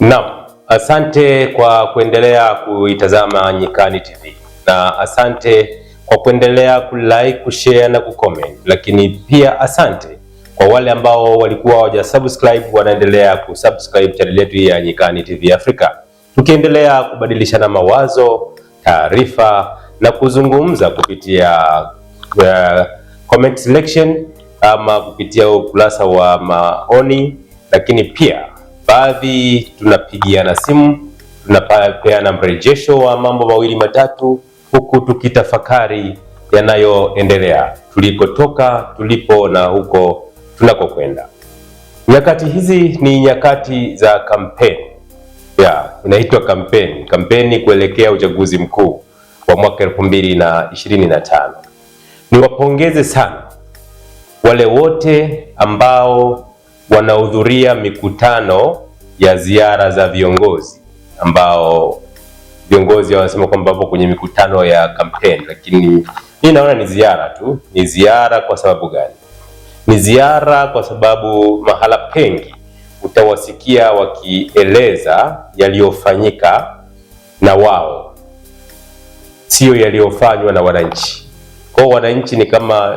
Naam, asante kwa kuendelea kuitazama Nyikani TV na asante kwa kuendelea kulike, kushare na kucomment, lakini pia asante kwa wale ambao walikuwa hawaja subscribe wanaendelea kusubscribe channel yetu ya Nyikani TV Afrika, tukiendelea kubadilishana mawazo, taarifa na kuzungumza kupitia uh, comment selection ama kupitia ukurasa wa maoni, lakini pia baadhi tunapigiana simu, tunapeana mrejesho wa mambo mawili matatu, huku tukitafakari yanayoendelea tulikotoka, tulipo na huko tunakokwenda. Nyakati hizi ni nyakati za kampeni ya inaitwa kampeni, kampeni kuelekea uchaguzi mkuu wa mwaka elfu mbili na ishirini na tano. Niwapongeze sana wale wote ambao wanahudhuria mikutano ya ziara za viongozi ambao viongozi wanasema kwamba wapo kwenye mikutano ya kampeni, lakini mimi naona ni ziara tu. Ni ziara kwa sababu gani? Ni ziara kwa sababu mahala pengi utawasikia wakieleza yaliyofanyika na wao, sio yaliyofanywa na wananchi. Kwa wananchi ni kama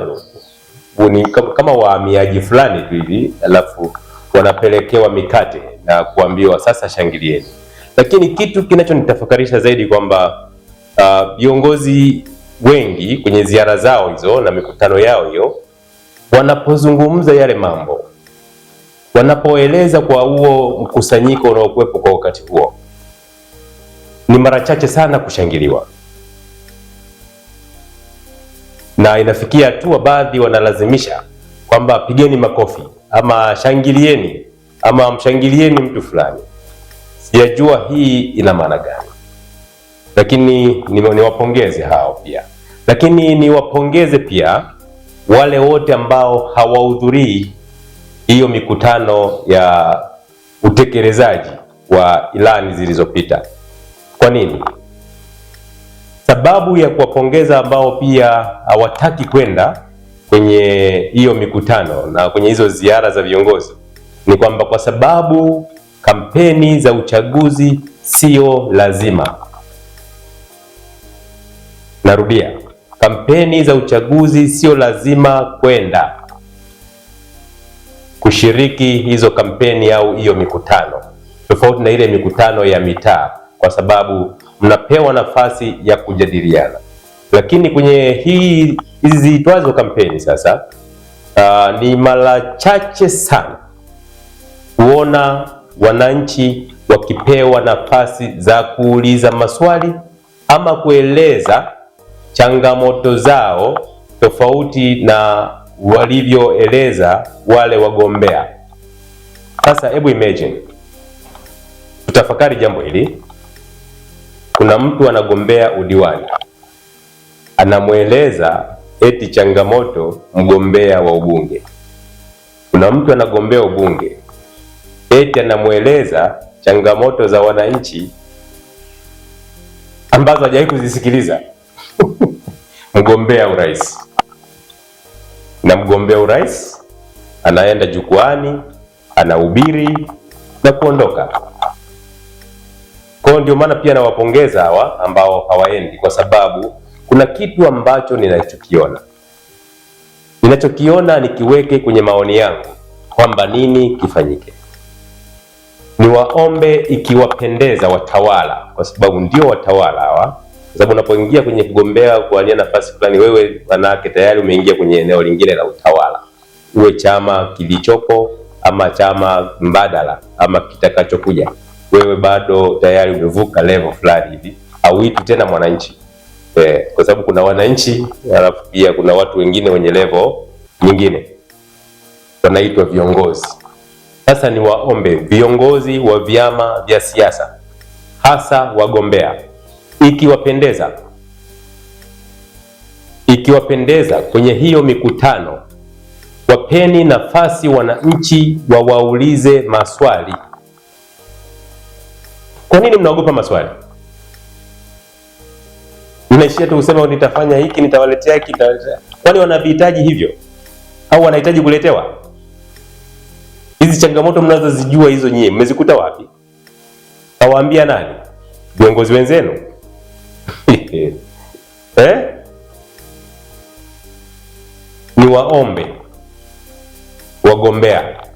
ni kama wahamiaji fulani tu hivi, alafu wanapelekewa mikate na kuambiwa sasa shangilieni. Lakini kitu kinachonitafakarisha zaidi kwamba uh, viongozi uh, wengi kwenye ziara zao hizo na mikutano yao hiyo, wanapozungumza yale mambo, wanapoeleza kwa huo mkusanyiko unaokuwepo kwa wakati huo, ni mara chache sana kushangiliwa. na inafikia hatua baadhi wanalazimisha kwamba pigeni makofi ama shangilieni ama mshangilieni mtu fulani. Sijajua hii ina maana gani, lakini niwapongeze hao pia, lakini niwapongeze pia wale wote ambao hawahudhurii hiyo mikutano ya utekelezaji wa ilani zilizopita. Kwa nini? Sababu ya kuwapongeza ambao pia hawataki kwenda kwenye hiyo mikutano na kwenye hizo ziara za viongozi ni kwamba kwa sababu kampeni za uchaguzi sio lazima. Narudia, kampeni za uchaguzi sio lazima kwenda kushiriki hizo kampeni au hiyo mikutano, tofauti na ile mikutano ya mitaa, kwa sababu mnapewa nafasi ya kujadiliana. Lakini kwenye hii hizi ziitwazo kampeni sasa, uh, ni mara chache sana kuona wananchi wakipewa nafasi za kuuliza maswali ama kueleza changamoto zao tofauti na walivyoeleza wale wagombea. Sasa hebu imagine tutafakari jambo hili kuna mtu anagombea udiwani, anamweleza eti changamoto mgombea wa ubunge. Kuna mtu anagombea ubunge, eti anamweleza changamoto za wananchi ambazo hajawahi kuzisikiliza mgombea urais. Na mgombea urais anaenda jukwani, anahubiri na kuondoka. Kwa hiyo ndio maana pia nawapongeza hawa ambao hawaendi, kwa sababu kuna kitu ambacho ninachokiona ninachokiona nikiweke kwenye maoni yangu kwamba nini kifanyike. Niwaombe ikiwapendeza watawala, kwa sababu ndio watawala hawa, kwa sababu unapoingia kwenye kugombea kuania nafasi fulani, wewe manake tayari umeingia kwenye eneo lingine la utawala, uwe chama kilichopo ama chama mbadala ama kitakachokuja wewe bado tayari umevuka level fulani hivi, auitwi tena mwananchi eh, kwa sababu kuna wananchi alafu pia kuna watu wengine wenye level nyingine wanaitwa viongozi. Sasa ni waombe viongozi wa vyama vya siasa, hasa wagombea, ikiwapendeza ikiwapendeza kwenye hiyo mikutano, wapeni nafasi wananchi wawaulize maswali. Kwa nini mnaogopa maswali? Mnaishia tu kusema nitafanya hiki, nitawaletea hiki, nitawaletea. Kwani wanavihitaji hivyo au wanahitaji kuletewa? Hizi changamoto mnazozijua hizo nyie mmezikuta wapi? Kawaambia nani? Viongozi wenzenu? Eh? Ni waombe wagombea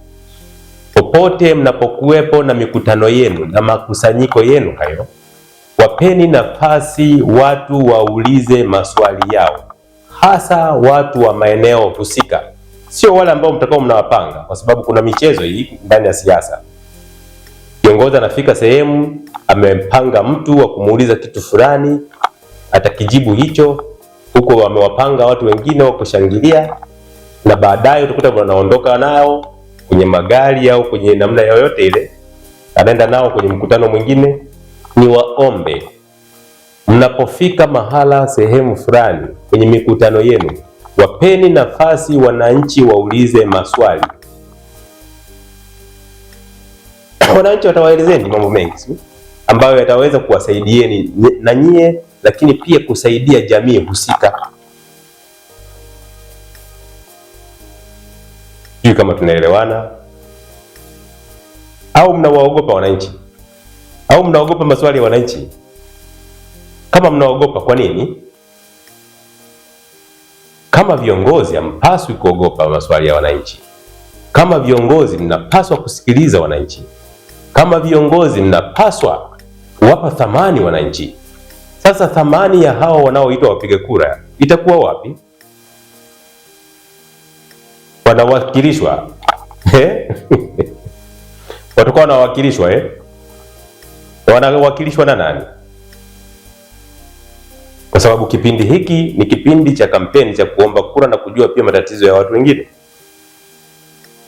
popote mnapokuwepo na mikutano yenu na makusanyiko yenu hayo, wapeni nafasi watu waulize maswali yao, hasa watu wa maeneo husika, sio wale ambao mtakao mnawapanga, kwa sababu kuna michezo hii ndani ya siasa. Kiongozi anafika sehemu, amempanga mtu wa kumuuliza kitu fulani, atakijibu hicho huko, wamewapanga watu wengine wa kushangilia, na baadaye utakuta wanaondoka nao kwenye magari au kwenye namna yoyote ile, anaenda nao kwenye mkutano mwingine, ni waombe mnapofika mahala sehemu fulani kwenye mikutano yenu, wapeni nafasi wananchi waulize maswali. Wananchi watawaelezeni mambo mengi ambayo yataweza kuwasaidieni na nyie, lakini pia kusaidia jamii husika. Sijui kama tunaelewana au mnawaogopa wananchi au mnaogopa maswali ya wananchi? Kama mnaogopa, kwa nini? Kama viongozi hampaswi kuogopa maswali ya wananchi. Kama viongozi mnapaswa kusikiliza wananchi. Kama viongozi mnapaswa kuwapa thamani wananchi. Sasa thamani ya hao wanaoitwa wapiga kura itakuwa wapi? wanawakilishwa eh? watakuwa wanawakilishwa eh? wanawakilishwa na nani? Kwa sababu kipindi hiki ni kipindi cha kampeni cha kuomba kura na kujua pia matatizo ya watu wengine.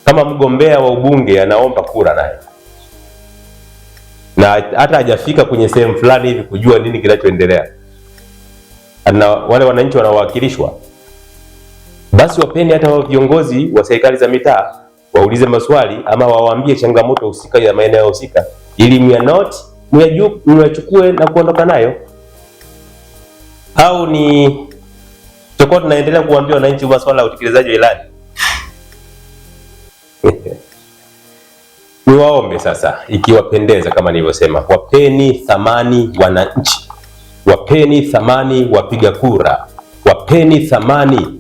Kama mgombea wa ubunge anaomba kura naye na hata hajafika kwenye sehemu fulani hivi kujua nini kinachoendelea, na wale wananchi wanawakilishwa basi wapeni hata wa viongozi wa serikali za mitaa waulize maswali ama wawaambie changamoto husika ya maeneo husika, ili myanoti mwachukue na kuondoka nayo, au ni tutakuwa tunaendelea kuambia wananchi maswala ya utekelezaji wa ilani. Niwaombe sasa, ikiwapendeza, kama nilivyosema, wapeni thamani wananchi, wapeni thamani wapiga kura, wapeni thamani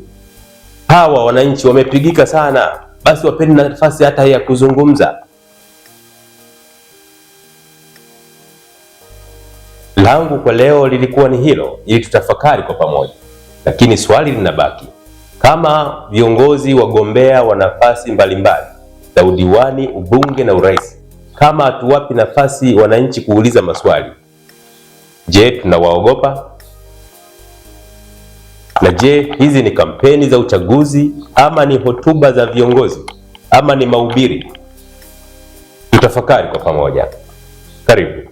hawa wananchi wamepigika sana, basi wapeni nafasi hata ya kuzungumza. Langu kwa leo lilikuwa ni hilo, ili tutafakari kwa pamoja, lakini swali linabaki, kama viongozi wagombea wa nafasi mbalimbali za udiwani, ubunge na urais, kama hatuwapi nafasi wananchi kuuliza maswali, je, tunawaogopa? Na je, hizi ni kampeni za uchaguzi ama ni hotuba za viongozi ama ni mahubiri? Tutafakari kwa pamoja. Karibu.